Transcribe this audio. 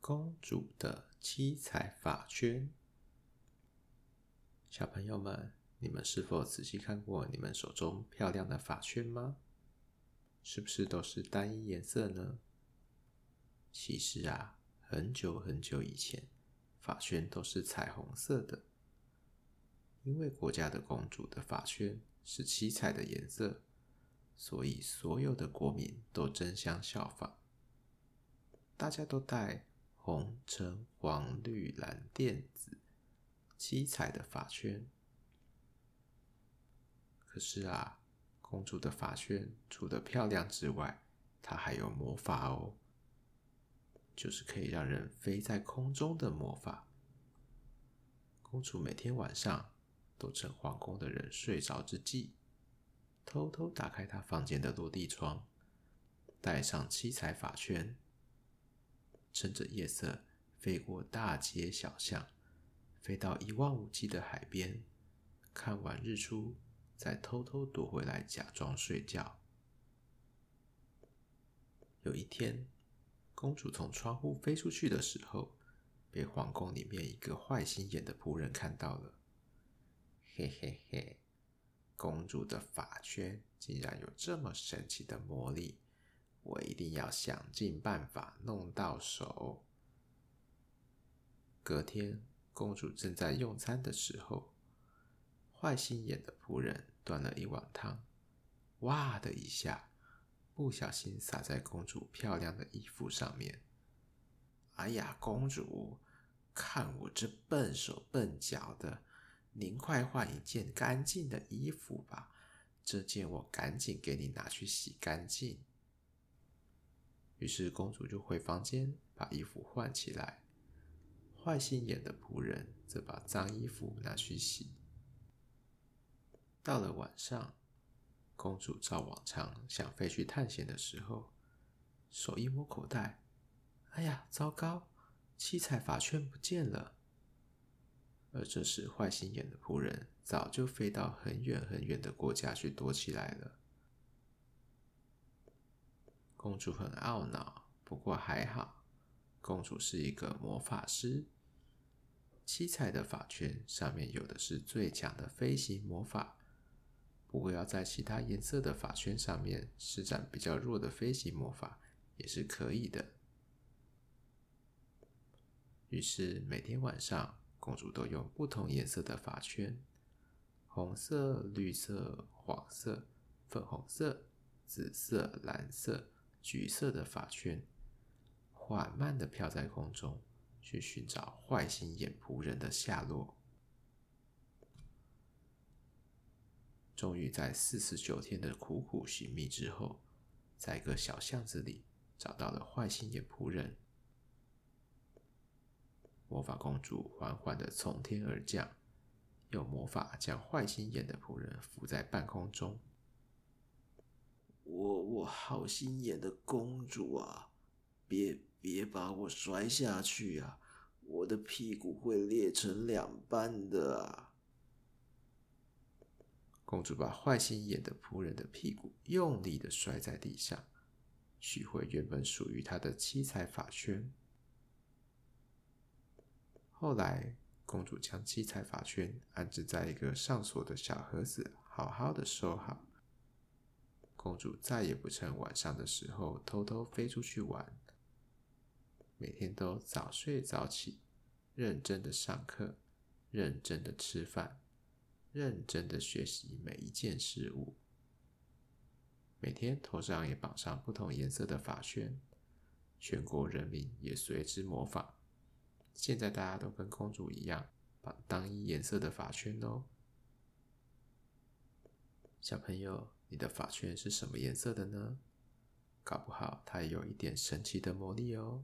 公主的七彩髮圈，小朋友們，你們是否仔細看過你們手中漂亮的髮圈嗎？是不是都是單一顏色呢？其實啊，很久很久以前，髮圈都是彩虹色的。因為國家的公主的髮圈是七彩的顏色，所以所有的國民都爭相效仿，大家都戴紅、橙、黃、綠、藍、靛、紫七彩的髮圈。可是啊，公主的髮圈除了漂亮之外，它還有魔法哦，就是可以讓人飛在空中的魔法。公主每天晚上，都趁皇宮的人睡着之際，偷偷打開他房間的落地窗，戴上七彩髮圈，趁着夜色飛過大街小巷，飛到一望無際的海邊，看完日出，再偷偷躲回來假裝睡覺。有一天，公主從窗戶飛出去的時候，被皇宮裡面一個壞心眼的僕人看到了。嘿嘿嘿！公主的髮圈竟然有這麼神奇的魔力，我一定要想盡辦法弄到手。隔天，公主正在用餐的時候，壞心眼的僕人端了一碗湯，哇的一下，不小心灑在公主漂亮的衣服上面。哎呀，公主，看我這笨手笨腳的！您快換一件乾淨的衣服吧，這件我趕緊給你拿去洗乾淨。於是公主就回房間把衣服換起來，壞心眼的僕人則把髒衣服拿去洗。到了晚上，公主照往常想飛去探險的時候，手一摸口袋，哎呀，糟糕，七彩髮圈不見了。而這時，壞心眼的僕人早就飛到很遠很遠的國家去躲起來了。公主很懊惱，不過還好，公主是一個魔法師，七彩的髮圈上面有的是最強的飛行魔法。不過要在其他顏色的髮圈上面施展比較弱的飛行魔法也是可以的。於是每天晚上。公主都用不同顏色的髮圈，紅色、綠色、黃色、粉紅色、紫色、藍色、橘色的髮圈，緩慢地飄在空中，去尋找壞心眼僕人的下落。終於在四十九天的苦苦尋覓之後，在一個小巷子裡找到了壞心眼僕人。魔法公主緩緩地從天而降，用魔法將壞心眼的僕人浮在半空中。我我好心眼的公主啊，別別把我摔下去啊！我的屁股會裂成兩半的啊。公主把壞心眼的僕人的屁股用力地摔在地上，取回原本屬於她的七彩髮圈。後來，公主將七彩髮圈安置在一個上鎖的小盒子，好好的收好。公主再也不趁晚上的時候偷偷飛出去玩，每天都早睡早起，認真的上課，認真的吃飯，認真的學習每一件事物。每天頭上也綁上不同顏色的髮圈，全國人民也隨之模仿。現在大家都跟公主一樣，把單一顏色的髮圈哦。小朋友，你的髮圈是什麼顏色的呢？搞不好它也有一點神奇的魔力哦。